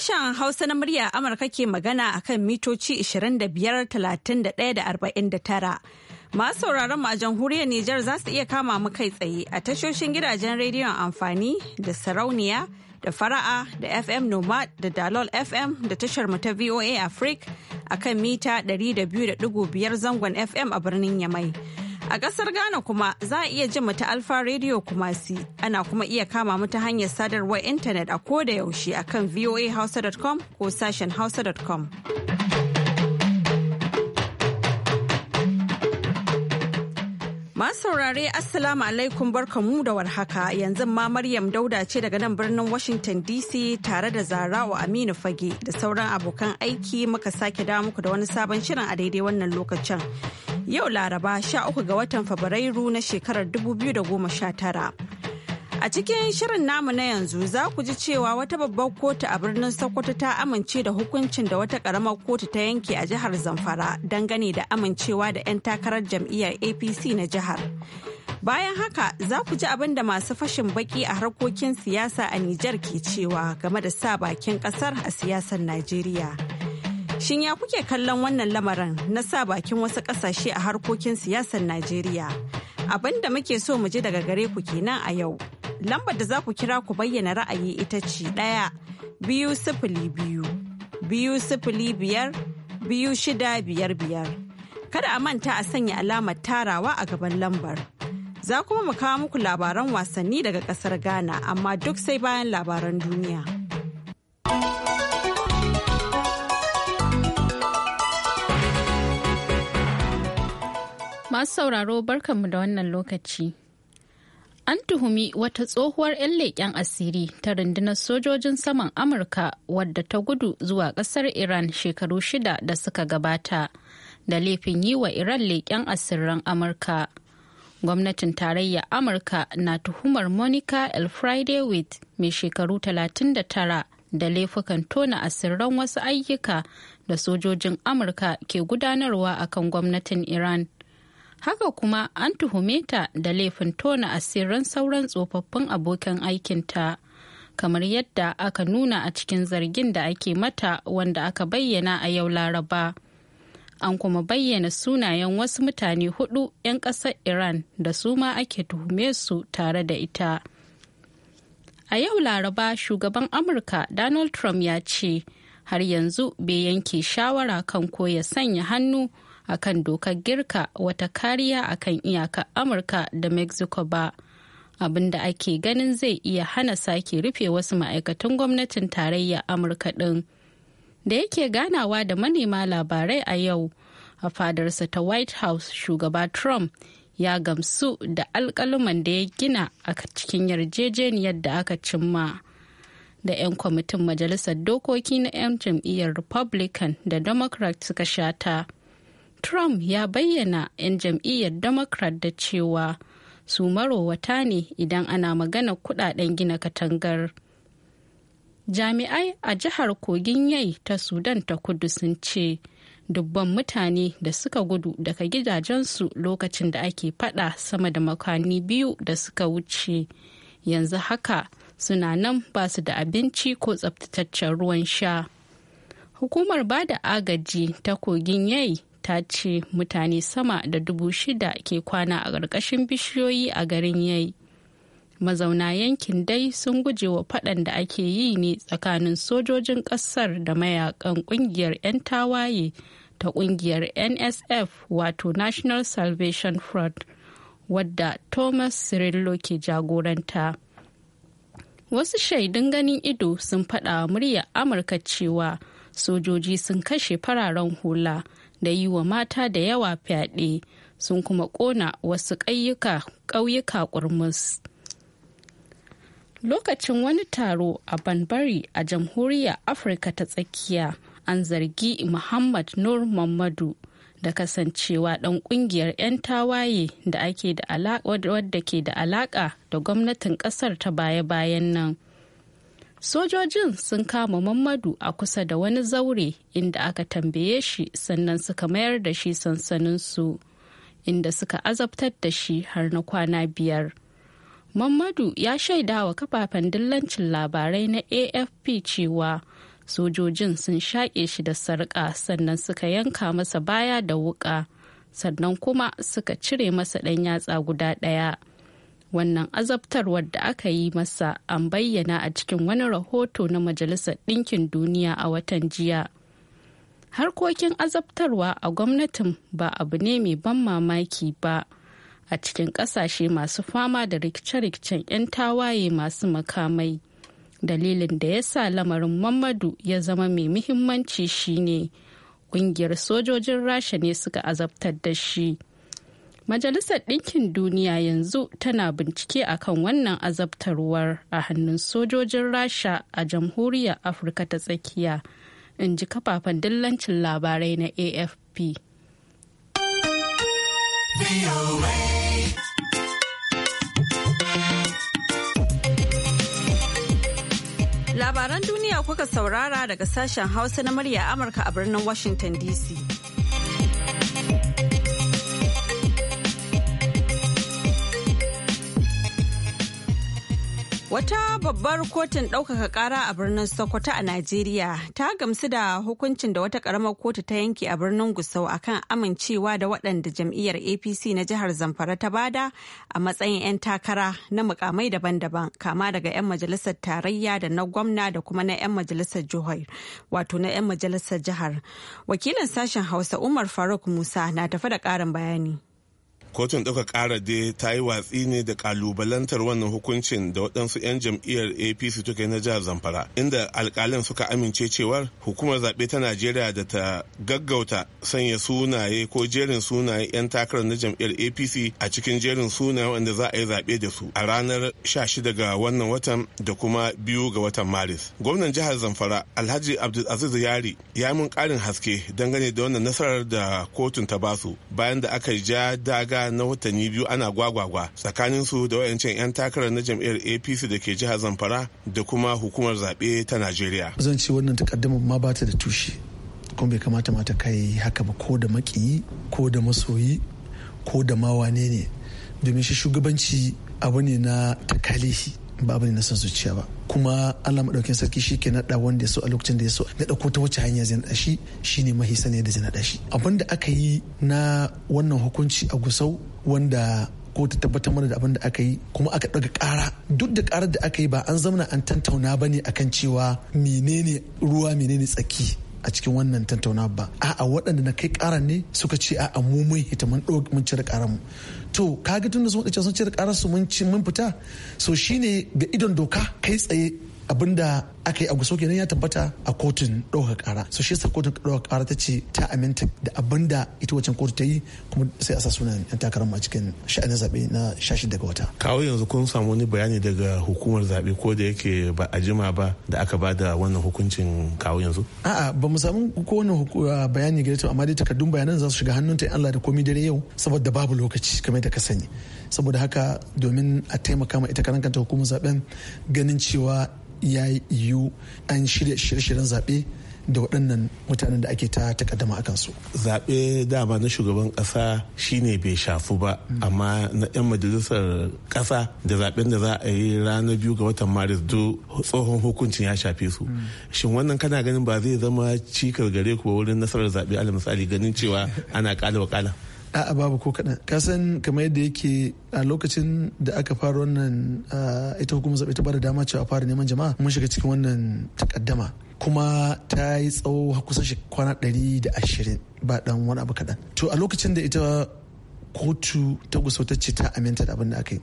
Sashen Hausa na murya Amurka ke magana a kan mitoci arba'in da tara Masu sauraron a jamhuriyar Nijar za su iya kama mu kai tsaye a tashoshin gidajen rediyon amfani da sarauniya da fara'a da FM Nomad da Dalol FM da tashar mu ta VOA Africa a kan mita 200.5 zangon FM a birnin Yamai. A ƙasar Ghana kuma za a iya jin mu ta Alfa Radio Kumasi. Ana kuma iya kama mu ta hanyar sadarwar intanet a koda yaushe a kan voahausa.com ko sashen hausa.com. Masu saurare Assalamu alaikum barkamu da warhaka yanzu ma Maryam Dauda ce daga nan birnin Washington DC tare da Zarawa Aminu Fage da sauran abokan aiki muka sake dawo muku da wani sabon shirin a daidai wannan lokacin. yau laraba 13 ga watan fabrairu na shekarar 2019 a cikin shirin namu na yanzu za ku ji cewa wata babbar kotu a birnin sokoto ta amince da hukuncin da wata karamar kotu ta yanke a jihar zamfara dangane da amincewa da 'yan takarar jam'iyyar apc na jihar bayan haka za ku ji abin da masu fashin baki a harkokin siyasa a nijar ke cewa game da sa bakin kasar a siyasar najeriya Shin ya kuke kallon wannan lamarin na sa bakin wasu kasashe a harkokin siyasar Najeriya? Abin da muke so mu ji daga gare ku kenan a yau. Lambar da za ku kira ku bayyana ra'ayi ita ce ɗaya biyu sifili biyu biyu sifili biyar biyu shida biyar biyar. Kada a manta a sanya alamar tarawa a gaban lambar. Za kuma mu kawo muku labaran wasanni daga ƙasar Ghana amma duk sai bayan labaran duniya. Masu sauraro barkanmu da wannan lokaci. An tuhumi wata tsohuwar 'yan leƙen asiri ta rundunar sojojin saman Amurka wadda ta gudu zuwa ƙasar Iran shekaru shida da suka gabata da laifin yi wa Iran leƙen asirin Amurka. Gwamnatin tarayya Amurka na tuhumar Monica El Friday with mai shekaru 39 da laifukan tona asirran wasu ayyuka da sojojin Amurka ke gudanarwa akan gwamnatin Iran. haka kuma an tuhume ta da laifin tona asirin sauran tsofaffin abokan aikinta kamar yadda aka nuna a cikin zargin da ake mata wanda aka bayyana a yau laraba an kuma bayyana sunayen wasu mutane hudu 'yan ƙasar iran da su ma ake tuhume su tare da ita a yau laraba shugaban amurka donald trump ya ce har yanzu bai yanke shawara kan ko ya sanya hannu akan dokar girka wata kariya akan iyakar amurka da mexico ba abin da ake ganin zai iya hana sake rufe wasu ma'aikatan gwamnatin tarayya amurka ɗin da yake ganawa da manema labarai a yau a fadarsa ta white house shugaba trump ya gamsu da alkaluman da ya gina a cikin yarjejeniyar da aka cimma da 'yan kwamitin majalisar dokoki na 'yan jam'iyyar republican da democrat suka shata. Trump ya bayyana 'yan jam'iyyar Democrat da cewa su marowata ne idan ana magana kudaden gina katangar. Jami'ai a jihar Kogin Yai ta Sudan ta kudu sun ce dubban mutane da suka gudu daga gidajensu lokacin da ake fada sama da makani biyu da suka wuce yanzu haka suna nan ba su da abinci ko tsabtataccen ruwan sha. Hukumar ba da agaji ta Kogin Yai ta ce mutane sama da dubu shida ke kwana a ƙarƙashin bishiyoyi a garin yai mazauna yankin dai sun guje wa faɗan da ake yi ne tsakanin sojojin ƙasar da mayakan ƙungiyar 'yan tawaye ta ƙungiyar nsf wato national salvation front wadda thomas cirillo ke jagoranta wasu shaidun ganin ido sun faɗa murya amurka cewa sojoji sun kashe fararen hula da yi wa mata da yawa fyaɗe sun kuma ƙona wasu ƙauyuka ƙurmus. Lokacin wani taro a Banbari a jamhuriyar Afirka ta tsakiya an zargi Muhammad Nur Mamadu da kasancewa ɗan ƙungiyar 'yan tawaye da ake da alaƙa da gwamnatin ƙasar ta baya-bayan nan. sojojin sun kama mammadu a kusa da wani zaure inda aka tambaye shi sannan suka mayar da shi sansaninsu inda suka azabtar da shi har na kwana biyar mammadu ya shaidawa kafafen dillancin labarai na afp cewa sojojin sun shaƙe shi da sarƙa sannan suka yanka masa baya da wuƙa sannan kuma suka cire masa ɗan yatsa guda ɗaya wannan azabtarwar da aka yi masa an bayyana a cikin wani rahoto na majalisar ɗinkin duniya a watan jiya harkokin azabtarwa a gwamnatin ba abu ne mai ban mamaki ba a cikin ƙasashe masu fama da rikice-rikicen 'yan tawaye masu makamai dalilin da ya sa lamarin mamadu ya zama mai muhimmanci shine ƙungiyar sojojin rasha ne suka azabtar da shi. Majalisar Ɗinkin Duniya yanzu tana bincike akan wannan azabtarwar a hannun sojojin Rasha a Jamhuriyar Afirka ta Tsakiya, in ji kafafen dillancin labarai na AFP. Labaran duniya kuka saurara daga sashen Hausa na murya Amurka a birnin Washington DC. Wata babbar kotun ɗaukaka ƙara a birnin Sokoto a Najeriya ta gamsu da hukuncin da wata ƙaramar kotu ta yanke a birnin Gusau akan amincewa da waɗanda jam'iyyar APC na jihar Zamfara ta bada a matsayin 'yan takara na mukamai daban-daban kama daga 'yan majalisar tarayya da na gwamna da kuma na 'yan majalisar jihar wato na 'yan majalisar jihar. Wakilin sashen Hausa Umar Faruk Musa na tafi da ƙarin bayani. kotun ɗauka ƙara dai ta yi watsi ne da ƙalubalantar wannan hukuncin da waɗansu 'yan jam'iyyar apc suka yi na jihar zamfara inda alƙalin suka amince cewar hukumar zaɓe ta najeriya da ta gaggauta sanya sunaye ko jerin sunaye 'yan takarar na jam'iyyar apc a cikin jerin sunaye wanda za a yi zaɓe da su a ranar 16 ga wannan watan da kuma biyu ga watan maris gwamnan jihar zamfara alhaji abdulaziz yari ya mun ƙarin haske dangane da wannan nasarar da kotun ta basu bayan da aka ja daga haka na watanni biyu ana gwagwagwa tsakanin su da wayancin 'yan takarar na jam'iyyar apc da ke jihar zamfara da kuma hukumar zaɓe ta najeriya zan ce wannan takaddama ma ba ta da tushe kuma bai kamata ta kai haka ba ko da makiyi ko da masoyi ko da mawane ne domin shi shugabanci abu ne na takalihi ba abu ne na san zuciya ba kuma Allah madaukakin sarki shi ke naɗa wanda ya so a lokacin da ya so na ɗauko ta wacce hanya zai naɗa shi ne mahi sani da zai naɗa shi abin da aka yi na wannan hukunci a gusau wanda ko ta tabbatar mana da abin da aka yi kuma aka ɗaga kara duk da karar da aka yi ba an zamana an tantauna ba ne akan cewa menene ruwa menene tsaki a cikin wannan tattauna ba a'a waɗanda na kai ƙara ne suka ce a'a mu mun hita mun ɗauki mun cire ƙaran mu to kaga tun da sun sun cire ƙarar su mun fita so shine ga idon doka kai tsaye abinda aka yi a gusau kenan ya tabbata a kotun ɗaukar ƙara so shi sa kotun ɗaukar ƙara ta ce ta aminta da abinda ita wacin kotu ta yi kuma sai a sa sunan yan takarar ma cikin sha'anin zaɓe na shashi daga wata kawo yanzu kun samu wani bayani daga hukumar zaɓe ko da yake ba a jima ba da aka ba da wannan hukuncin kawo yanzu a'a ba mu samu ko wani bayani gare ta amma dai takardun bayanan za su shiga hannunta in Allah da komai dare yau saboda babu lokaci kamar da ka sani saboda haka domin a taimaka ma ita karan kanta hukumar zaben ganin cewa ya yiwu an shirya shirye-shiryen zaɓe da waɗannan mutanen da ake ta takaddama a kansu. Zaɓe dama na shugaban ƙasa shine bai shafu ba, mm. amma na 'yan majalisar ƙasa da zaɓen da za a yi ranar biyu ga watan Maris do tsohon hukuncin ya shafe su. Mm. Shin wannan kana ganin ba zai zama cikar gare ku wurin nasarar zaɓe ala misali ganin cewa ana ƙala wa ƙala? a'a babu ko kaɗan kasan kamar yadda yake a lokacin da aka fara wannan ah, ita hukumar zaɓe ta bada dama cewa fara neman jama'a mun shiga cikin wannan takaddama kuma ta yi tsawo kusan shi kwana ɗari da ashirin ba ɗan wani abu kaɗan to a lokacin da ita kotu ta gusau ta ce ta aminta da abin da aka yi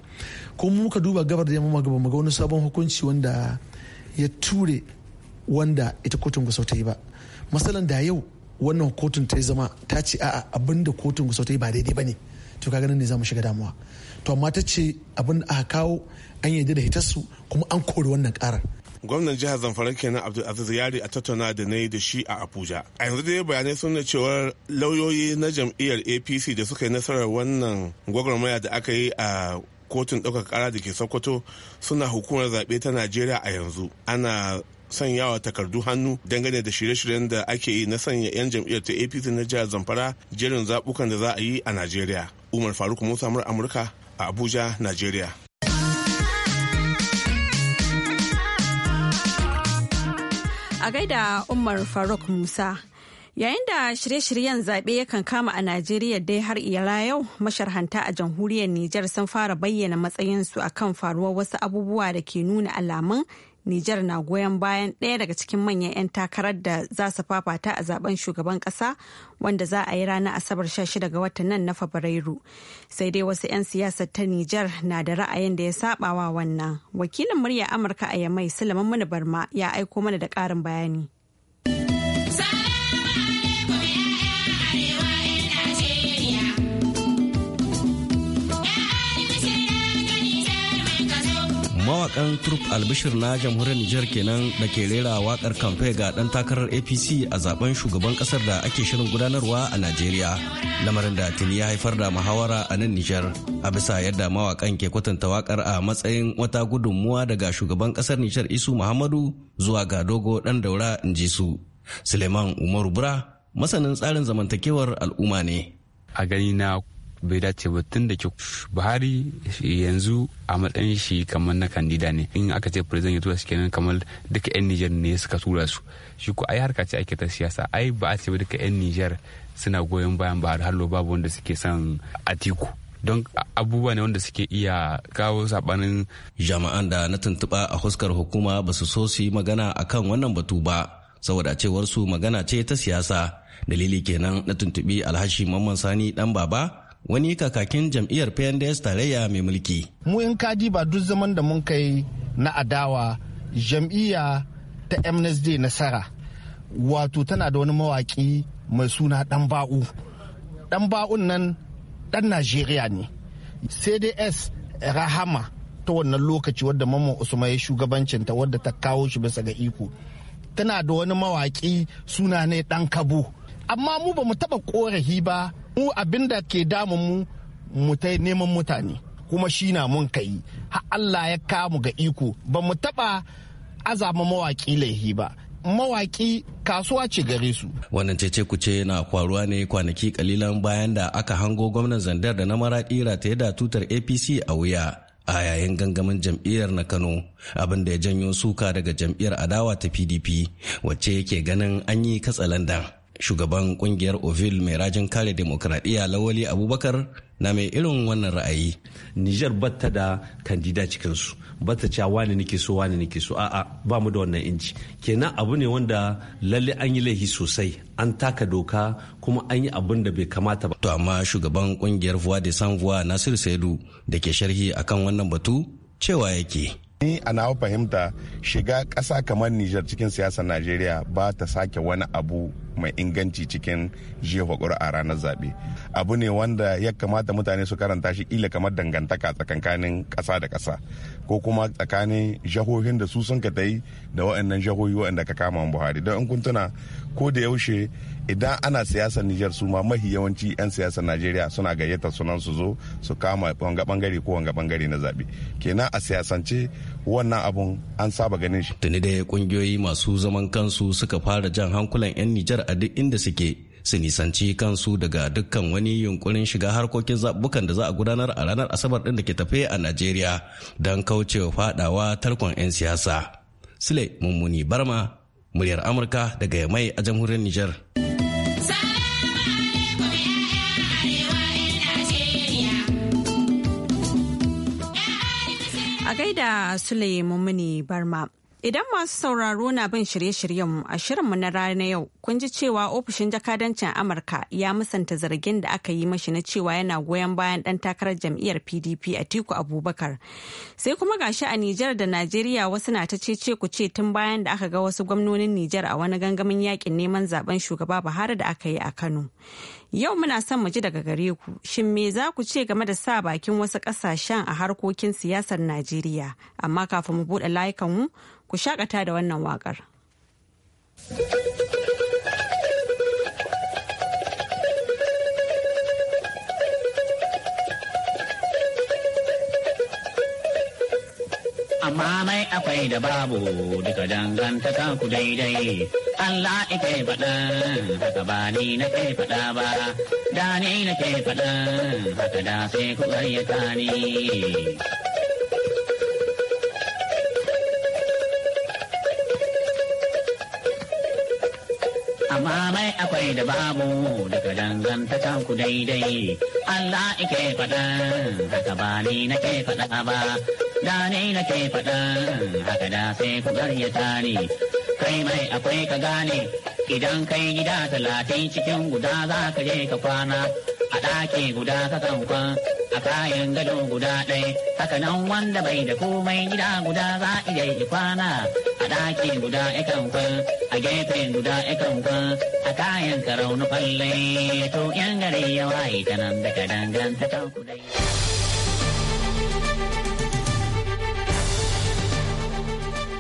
ko muka duba gabar da yamma gaba mu ga wani sabon hukunci wanda ya ture wanda ita kotun gusau ta yi ba masalan da yau wannan kotun ta yi zama ta ce a'a abin da kotun gusau ta yi ba daidai ba ne to ka ganin ne za mu shiga damuwa to amma ta ce abin da aka kawo an yarda da hitarsu kuma an kori wannan karar gwamnan jihar zamfara kenan Abdul Aziz yari a tattauna da na yi da shi a abuja a yanzu dai bayanai sun cewar lauyoyi na jam'iyyar apc da suka yi nasarar wannan gwagwarmaya da aka yi a kotun ɗaukar ƙara da ke sokoto suna hukumar zaɓe ta najeriya a yanzu ana sanyawa takardu hannu dangane da shirye-shiryen da ake yi na sanya 'yan jam'iyyar ta apc na jihar zamfara jerin zaɓukan da za a yi a najeriya umar faruk musa mura amurka a abuja najeriya a gaida umar faruk musa Yayin da shirye-shiryen zaɓe yakan kama a Najeriya dai har iyala yau masharhanta a jamhuriyar Nijar sun fara bayyana matsayinsu a kan faruwar wasu abubuwa da ke nuna alamun Nijar na goyon bayan ɗaya daga cikin manyan 'yan takarar da za su fafata a zaben shugaban ƙasa wanda za a yi ranar Asabar 16 ga watan nan na Fabrairu. Sai dai wasu 'yan siyasar ta Nijar na da ra'ayin da ya sabawa wannan. Wakilin murya Amurka a Yamai Sulaiman Muni Barma ya aiko mana da ƙarin bayani. mawakan Turp Albishir na jamhuriyar Nijar kenan da ke rera wakar kamfe ga dan takarar APC a zaben shugaban kasar da ake shirin gudanarwa a Najeriya. Lamarin da tuni ya haifar da muhawara a nan Nijar a bisa yadda mawakan ke kwatanta wakar a matsayin wata gudunmuwa daga shugaban kasar Nijar Isu Muhammadu zuwa ga dogo dan daura in ji su. Suleiman Umaru Bura masanin tsarin zamantakewar al'umma ne. A gani na bai dace ba tun da ke buhari yanzu a matsayin shi kamar na kandida ne in aka ce president ya tura kenan kamar duka yan nijar ne suka tura su shi ko ai harka ce ake ta siyasa ai ba a ce ba duka yan nijar suna goyon bayan buhari lo babu wanda suke son atiku don abubuwa ne wanda suke iya kawo sabanin jama'an da na tuntuba a huskar hukuma ba su so su yi magana akan wannan batu ba saboda cewar su magana ce ta siyasa dalili kenan na tuntubi alhashi mamman sani dan baba wani kakakin jam'iyyar PNDS tarayya mai mulki. Mu in kaji ba duk zaman da mun kai na adawa jam'iyya ta MNSD nasara wato tana da wani mawaki mai suna dan ba'u. Dan ba'un nan dan Najeriya ne. CDS Rahama ta wannan lokaci wadda Mamman Usman ya shugabancin ta wadda ta kawo shi bisa ga iko. Tana da wani mawaki suna ne dan kabo. Amma mu ba mu taba korafi ba mu abin da ke damun mu mu ta neman mutane kuma shi na mun kai Allah ya kamu ga iko ba mu taba azama mawaki laihi ba mawaki kasuwa ce gare su. Wannan cece ce na kwaruwa ne kwanaki kalilan bayan da aka hango gwamnan zandar da na maraɗira taya da tutar APC a wuya a yayin gangamin jam'iyyar na Kano abin da ya janyo suka daga jam'iyyar adawa ta PDP wacce yake ganin an yi katsalandan. shugaban kungiyar ovil mai rajin kare demokradiyya lawali abubakar na mai irin wannan ra'ayi niger batta da kandida cikinsu batta cewa wani nake so wani nake so a'a ba mu da wannan inci kenan abu ne wanda lalle an yi laifi sosai an taka doka kuma an yi abin da bai kamata ba to amma shugaban kungiyar voix de sans voix nasir saidu da ke sharhi akan wannan batu cewa yake ni a nawa fahimta shiga ƙasa kamar niger cikin siyasar najeriya ba ta sake wani abu mai inganci cikin jefa ƙuri'a ranar zaɓe abu ne wanda ya kamata mutane su karanta shi ila kamar dangantaka tsakankanin ƙasa da ƙasa ko kuma tsakanin jahohin da su sun ka yi da waɗannan jahohi waɗanda ka kama buhari don in kuntuna. ko da yaushe idan ana siyasar Nijar su ma mahi yawanci 'yan siyasar Najeriya suna gayyata sunan su zo su kama wanga bangare ko wanga bangare na zaɓe Kenan a siyasance wannan abun an saba ganin shi. Tuni da kungiyoyi masu zaman kansu suka fara jan hankulan 'yan Nijar a duk inda suke su nisanci kansu daga dukkan wani yunkurin shiga harkokin zaɓukan da za a gudanar a ranar asabar ɗin da ke tafe a najeriya don kaucewa faɗawa tarkon 'yan siyasa sule mummuni barma muryar amurka daga yamai a jamhuriyar niger a gaida sule mummuni barma Idan masu sauraro na bin shirye-shiryenmu a shirinmu na rana yau, kun ji cewa ofishin jakadancin Amurka ya musanta zargin da aka yi mashi na cewa yana goyon bayan ɗan takarar jam'iyyar PDP a Tiku Abubakar. Sai kuma gashi a Nijar da Najeriya wasu na ta cece ku ce tun bayan da aka ga wasu gwamnonin Nijar a wani gangamin yakin neman zaben shugaba Buhari da aka yi a Kano. Yau muna son mu ji daga gare ku, shin me za ku ce game da sa bakin wasu kasashen a harkokin siyasar Najeriya, amma kafin mu buɗe layukanmu ku shakata da wannan waƙar. mamai akwai da babu duka ta ku daidai. Allah ike faɗa haka ba ni na ke faɗa ba, da ni na ke faɗa haka da sai ku ƙaryata ni. amma mai akwai da babu daga ta ku daidai Allah ike faɗa haka ba ni na ke faɗa ba da ne nake faɗa haka da sai ku garyata ne kai mai akwai ka gane idan kai gida talatin cikin guda za ka je ka kwana a ɗaki guda ka kan a kayan gado guda ɗai haka nan wanda bai da komai gida guda za iya yi kwana a ɗaki guda kan kwan a gefe guda kan kwan a kayan karau na falle to yan gari ya waye ta nan daga dangantaka kudai.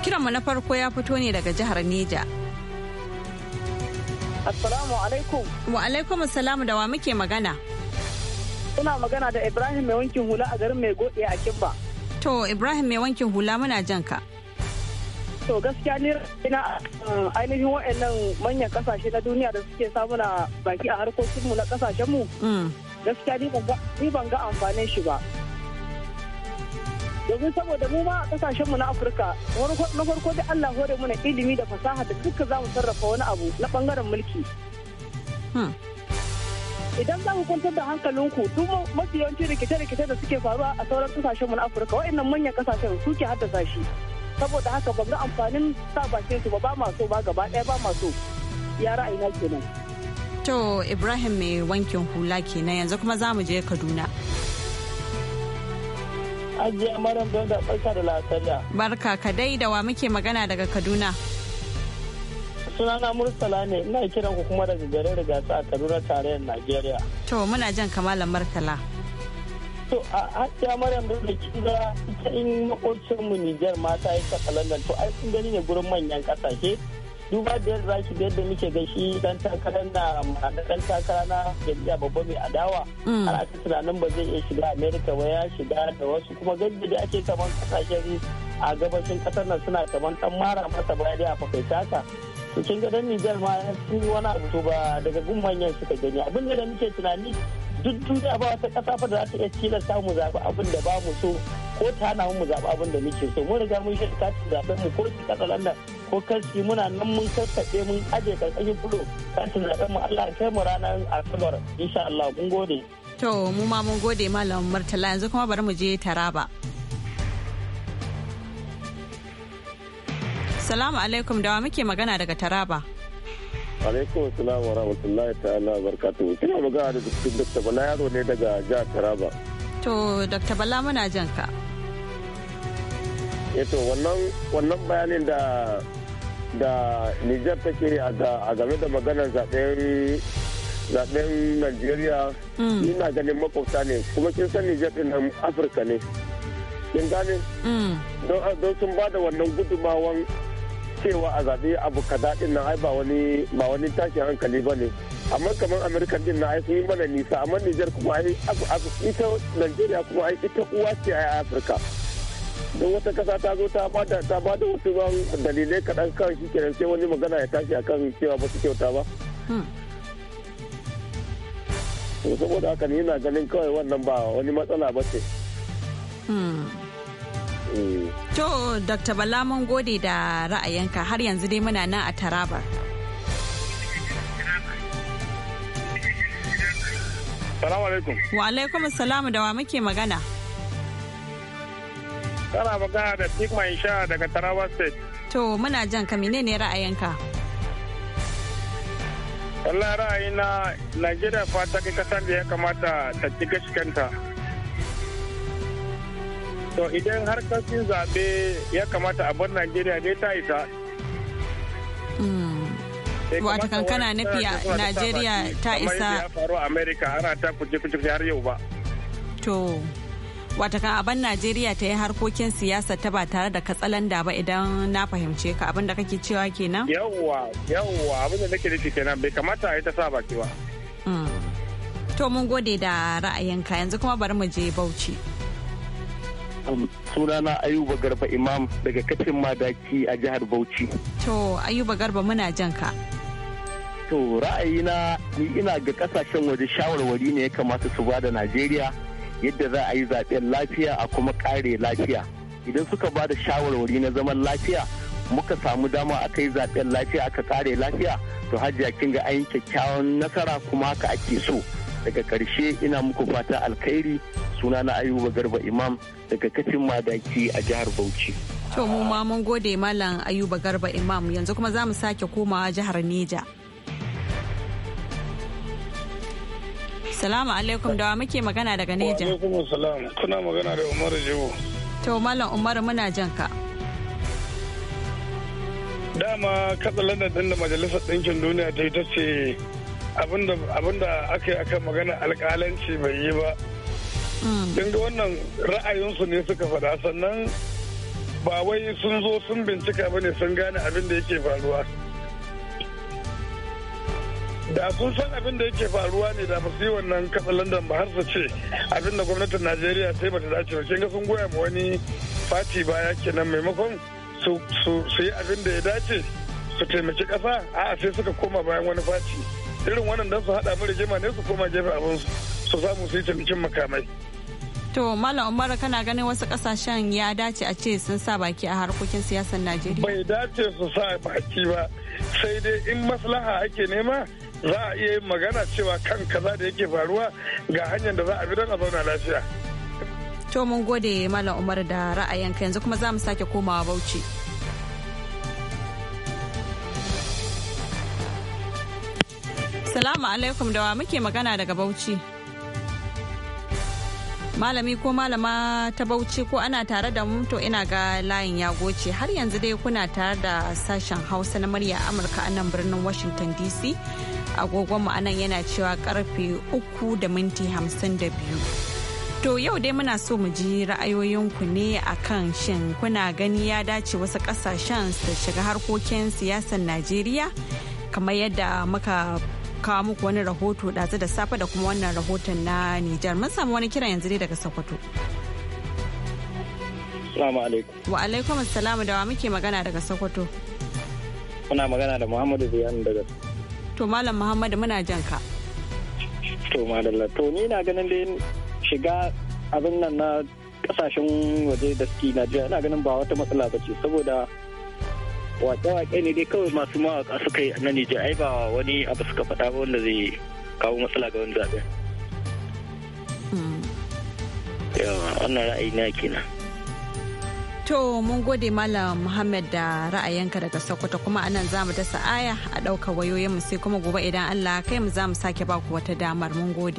Kiranmu na farko ya fito ne daga jihar Neja. Assalamu alaikum. Wa alaikum assalamu da wa muke magana. Ina magana da Ibrahim mai wankin hula a garin mai gode a Kimba. To Ibrahim mai wankin hula muna jan ka. To gaskiya ni ina ainihin waɗannan manyan kasashe na duniya da suke samuna baki a harkokinmu na kasashenmu. Mm. Gaskiya ni ban ga amfanin shi ba. domin saboda mu ma a kasashen mu na afirka na farko da allah hore mana ilimi da fasaha da duka za mu sarrafa wani abu na bangaren mulki hmm. idan za mu kwantar da hankalinku duk mafi yawanci rikice-rikice da suke faruwa a sauran kasashen mu na afirka wa'annan manyan kasashen su ke haddasa shi saboda haka ba ga amfanin sa bakin su ba ba maso ba gaba ɗaya ba maso ya ra'ayina kenan to ibrahim mai wankin hula kenan yanzu kuma za mu je kaduna Hajiya Maryam Bello barka da Barka ka dai da wa muke magana daga Kaduna. Sunana Murtala ne ina kiran ku kuma daga garin Rigasa a Kaduna tarayyar Najeriya. To muna jan kamala Murtala. to a hajiya maryam da da kinga ita in makocinmu mu Nijar mata yi kasa to ai sun gani ne gurin manyan kasashe duba da yadda zaki da yadda muke gashi dan takarar na dan takara na jami'a babba mai adawa mm. har aka tunanin ba zai iya shiga america ba ya shiga da wasu kuma gaji da ake kaman kasashen a gabashin kasar nan suna kaman dan mara masa baya dai a fakaita haka to kin ga dan Nijar ma sun wani abu to ba daga gun manyan suka gani abin da muke tunani duk duniya ba wata kasa fa da za ta iya tilasta mu zaɓi abin da ba mu so ko ta na mu zaɓi abin da muke so mun riga mun shirka zaɓen mu ko ki kasa ko kashi muna nan mun karkaɗe mun aje karkashin fulo kashi zaɓen mu Allah ya kai mu ranar asabar insha Allah mun gode. To mu ma mun gode malam Murtala yanzu kuma bari mu je Taraba. Salamu alaikum dawa muke magana daga Taraba. alaikum salam wa rahmatullahi ta'ala barkatu kina magana da dr bala yaro ne daga jihar taraba to dr bala muna jan ka eh to wannan wannan bayanin da da Nijar take a game da maganar zaɓen Najeriya mm. ina ganin makwabta ne kuma kin san Nijar ɗin nan Afirka ne. Kin gane? Mm. Don sun ba da wannan gudumawan cewa a zaɓe abu kaza ɗin nan ai ba wani ba wani tashin hankali ba ne. amma kamar amurka din na ai sun yi mana nisa amma nijar kuma ai ita najeriya kuma ai ita uwa ce a afirka don wata kasa ta zo ta bada ta bada wasu ban dalilai kaɗan kan shi kenan sai wani magana ya tashi kan cewa ba su kyauta ba hmm. to saboda haka ne yana ganin kawai wannan ba wani matsala ba ce hmm. eh. to dr bala mun gode da ra'ayinka har yanzu dai muna nan a taraba Salamu alaikum. Wa alaikum salamu da wa muke magana. Kana magana da Tikman Sha daga Tarawa State. To muna jan ka menene ra'ayinka? Wallahi na Najeriya fata kai kasar da ya kamata ta ci gashikanta. To idan har kasin zaɓe ya kamata a bar Najeriya dai ta isa. Wata kankana na fiya Najeriya ta isa. Kamar ya faru a Amerika ana ta kuje-kuje har yau ba. To. Wata ka abin najeriya ta yi harkokin siyasa ta ba tare da katsalanda ba idan na fahimce ka abin da kake cewa kenan yawwa yawwa abin da nake nufi kenan bai kamata a yi ta sa baki ba hmm. to mun gode da ra'ayinka yanzu kuma bari mu je bauchi um, sunana ayuba garba imam daga kacin madaki a jihar bauchi to ayuba garba muna jan ka to ra'ayina ni ina ga kasashen waje shawarwari ne ya kamata su ba da najeriya yadda za a yi zaɓen lafiya a kuma kare lafiya idan suka ba da shawarwari na zaman lafiya muka samu dama aka yi zaɓen lafiya aka kare lafiya to hajiya kin ga an kyakkyawan nasara kuma haka ake so daga karshe ina muku fata alkhairi suna na ayuba garba imam daga kafin madaki a jihar bauchi to mu ma mun gode malam ayuba garba imam yanzu kuma za mu sake komawa jihar neja Assalamu alaikum da wa muke magana daga Neja. Wa alaikum salam kuna magana da Umar Jibo. To Malam Umar muna jan ka. Dama katsalan din da Majalisar Ɗinkin Duniya ta yi ta ce abinda aka yi aka magana alƙalanci bai yi ba. Din mm. ga wannan ra'ayinsu ne suka faɗa sannan ba wai sun zo sun bincika ba ne sun gane abin da yake faruwa. da kun san abin da yake faruwa ne da ba yi wannan kasa london ba har su ce abin da gwamnatin najeriya sai bata dace ba kinga sun goya ma wani fati baya kenan maimakon su yi abin da ya dace su taimaki kasa a sai suka koma bayan wani fati irin wannan dan su hada mu jima ne su koma jefa abin su samu su yi taimakin makamai To Malam Umar kana ganin wasu kasashen ya dace a ce sun sa baki a harkokin siyasar Najeriya? Bai dace su sa baki ba, sai dai in maslaha ake nema za a iya yin magana cewa kan kaza da yake faruwa ga hanyar da za a bi don a zauna lafiya. To mun gode Malam Umar da ra'ayinka yanzu kuma za mu sake komawa Bauchi. Salamu alaikum da wa muke magana daga Bauchi. malami ko malama ta bauchi ko ana tare da mu to ina ga layin ya goce har yanzu dai kuna tare da sashen hausa na murya amurka a nan birnin washington dc agogon mu anan yana cewa karfe uku da minti hamsin da biyu to yau dai muna so mu ji ra'ayoyinku ne akan shin kuna gani ya dace wasu kasashen su shiga harkokin siyasar najeriya kamar yadda muka kawo muku wani rahoto ɗazu da safe da kuma wannan rahoton na Nijar. Mun samu wani kira yanzu ne daga Sokoto. Salamu alaikum. Wa alaikum assalamu da wa muke magana daga Sokoto. Muna magana da Muhammadu Ziyan daga To Malam Muhammadu muna jan ka. To Madalla, to ni na ganin dai shiga abin nan na kasashen waje da suke na ina ganin ba wata matsala ba ce saboda waƙe waƙe ne dai kawai masu mawaka suka yi na Nijar ai ba wani abu suka faɗa ba wanda zai kawo matsala ga wani zaɓe Yawa wannan ra'ayi na kenan. To mun gode Malam Muhammad da ra'ayinka daga Sokoto kuma anan za mu dasa aya a ɗaukar wayoyin mu sai kuma gobe idan Allah kai mu za mu sake ba ku wata damar mun gode.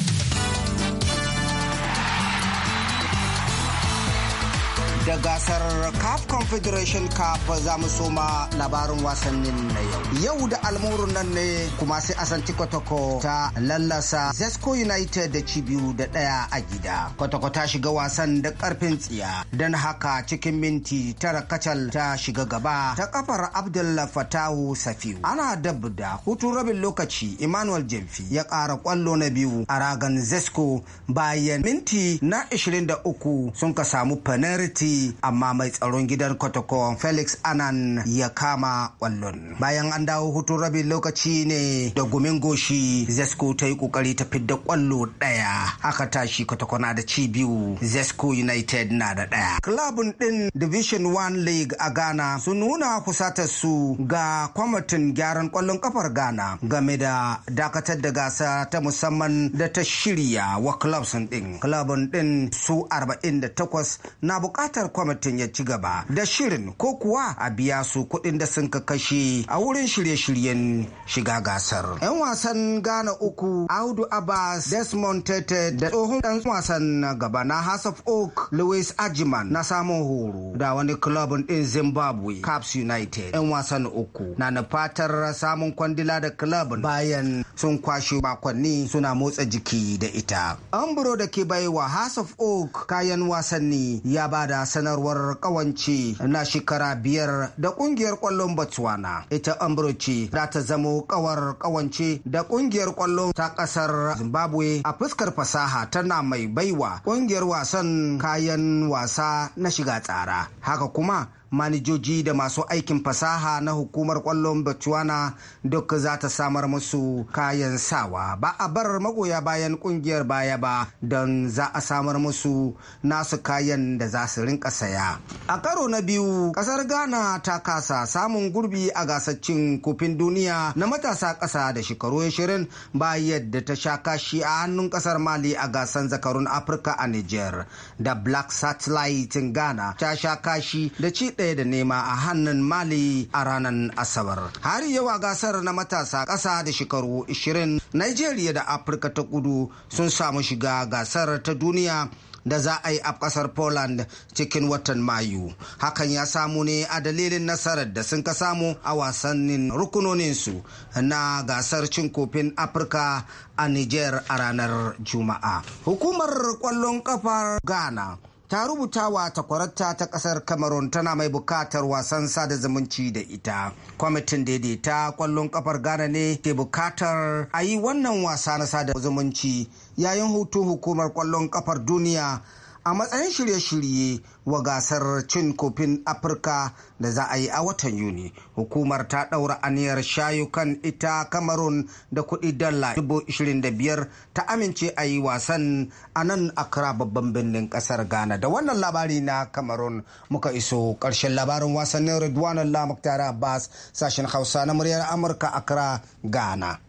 gasar CAF Confederation Cup za mu soma labarin wasannin na yau. Yau da almurun nan ne kuma sai asanti kwatako ta lallasa Zesco United da cibiyu da ɗaya a gida. Kwatako ta shiga wasan da ƙarfin tsiya don haka cikin minti tara kacal ta shiga gaba ta kafar Abdullah Fatahu Safiu. Ana dab da hutun rabin lokaci Emmanuel Jemfi ya ƙara ƙwallo na biyu a ragan Zesco bayan minti na 23 sun ka samu penalty amma mai tsaron gidan Kotoko Felix Anan ya kama kwallon. Bayan an dawo hutun rabin lokaci ne da gumin goshi Zesco ta yi kokari ta fidda kwallo daya haka tashi kwatakwa na da ci biyu Zesco United na da daya. klabin din Division 1 League a Ghana sun nuna kusatar su ga kwamitin gyaran kwallon kafar Ghana game da dakatar da gasa ta musamman da ta shirya wa clubs din. Klabun din su 48 na bukatar kwamitin ya ci gaba da shirin ko kuwa a biya su kuɗin da sun kashe a wurin shirye-shiryen shiga gasar. 'Yan wasan Ghana uku Audu Abbas Desmond Tete da tsohon ɗan wasan gaba na House of Oak Louis Ajiman na samun horo da wani kulabin ɗin Zimbabwe Caps United 'yan wasan uku na na fatar samun kwandila da kulabin bayan sun kwashe makonni suna motsa jiki da ita. Ambro da ke baiwa House of Oak kayan wasanni ya bada sanar sanarwar kawance na shekara biyar da kungiyar kwallon botswana ita amurci za ta zamo kawar kawance da kungiyar kwallon ta kasar zimbabwe a fuskar fasaha tana mai baiwa kungiyar wasan kayan wasa na shiga tsara haka kuma manijoji da masu aikin fasaha na hukumar kwallon botswana duk za ta samar musu kayan sawa ba a bar magoya bayan kungiyar baya ba don za a samar musu nasu kayan da za su rinka saya a karo na biyu kasar ghana ta kasa samun gurbi a gasar cin kofin duniya na matasa ƙasa da shekaru 20 ba yadda ta sha kashi a hannun ƙasar mali a gasar zakarun afirka a niger da black satellite ghana ta sha kashi da ci ɗaya da nema a hannun Mali a ranar Asabar. Har yawa gasar na matasa ƙasa da shekaru 20 Nigeria da Afirka ta kudu sun samu shiga gasar ta duniya da za a yi a ƙasar poland cikin watan mayu hakan ya samu ne a dalilin nasarar da sun ka samu a wasannin rukunoninsu na gasar cin kofin afirka a niger a ranar juma'a hukumar kwallon kafar ghana ta rubuta wa takwararta ta kasar cameroon tana mai bukatar wasan sada zumunci da ita kwamitin daidaita kwallon kafar ghana ne ke bukatar a yi wannan wasa na sada zumunci yayin hutun hukumar kwallon kafar duniya a matsayin shirye-shirye wa gasar cin kofin afirka da za a yi a watan yuni hukumar ta ɗaura aniyar shayukan ita cameroon da kuɗi dala 25,000 ta amince a yi wasan a nan akra babban birnin ƙasar ghana da wannan labari na cameroon muka iso ƙarshen labarin wasannin ridwan allah muktar abbas sashen hausa na muryar amurka Akra ghana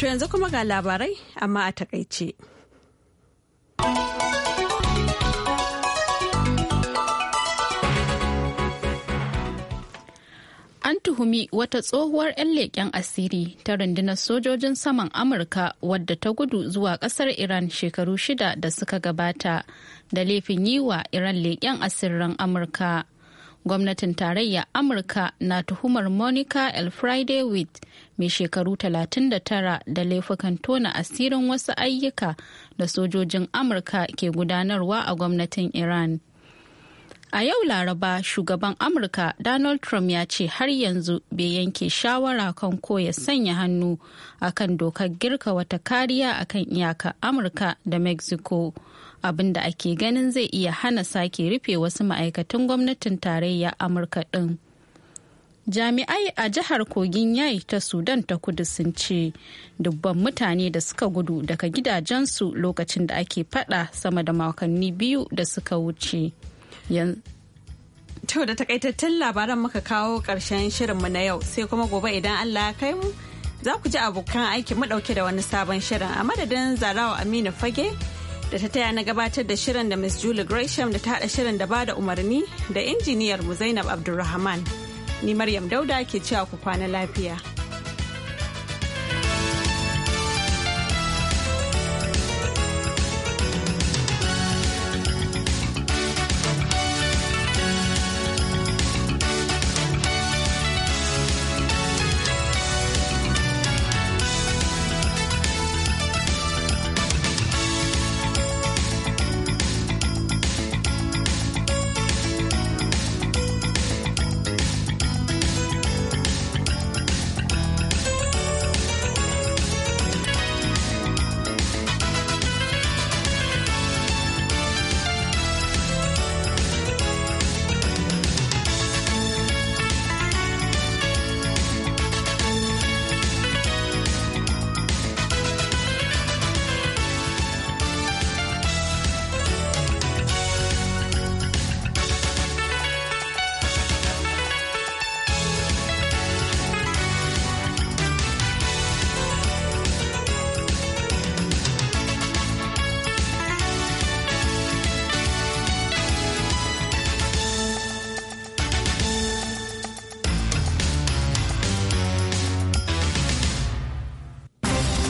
To yanzu kuma ga labarai amma a takaice. an tuhumi wata tsohuwar 'yan leƙen asiri ta rundunar sojojin saman amurka wadda ta gudu zuwa ƙasar iran shekaru shida da suka gabata da laifin yi wa iran leƙen asirin amurka gwamnatin tarayya amurka na tuhumar monica el friday with mai shekaru 39 da laifukan tona asirin wasu ayyuka da sojojin amurka ke gudanarwa a gwamnatin iran a yau laraba shugaban amurka donald trump ya ce har yanzu bai yanke shawara kan ko ya sanya hannu akan dokar girka wata kariya akan iyaka amurka da mexico abinda ake ganin zai iya hana sake rufe wasu ma'aikatan gwamnatin tarayya amurka din. jami'ai a jihar kogin yai ta sudan ta kudu sun ce dubban mutane da suka gudu daga gidajensu lokacin da ake fada sama da makonni biyu da suka wuce To da takaitattun labaran muka kawo ƙarshen shirinmu na yau sai kuma gobe idan Allah ya kai mu za ku ji abokan aiki madauke da wani sabon shirin a madadin zarawa Aminu Fage da ta taya na gabatar da shirin da Miss Julie Gresham da ta haɗa shirin da bada umarni da injiniyar mu Zainab Abdulrahman. Ni Maryam Dauda ke cewa ku kwana lafiya.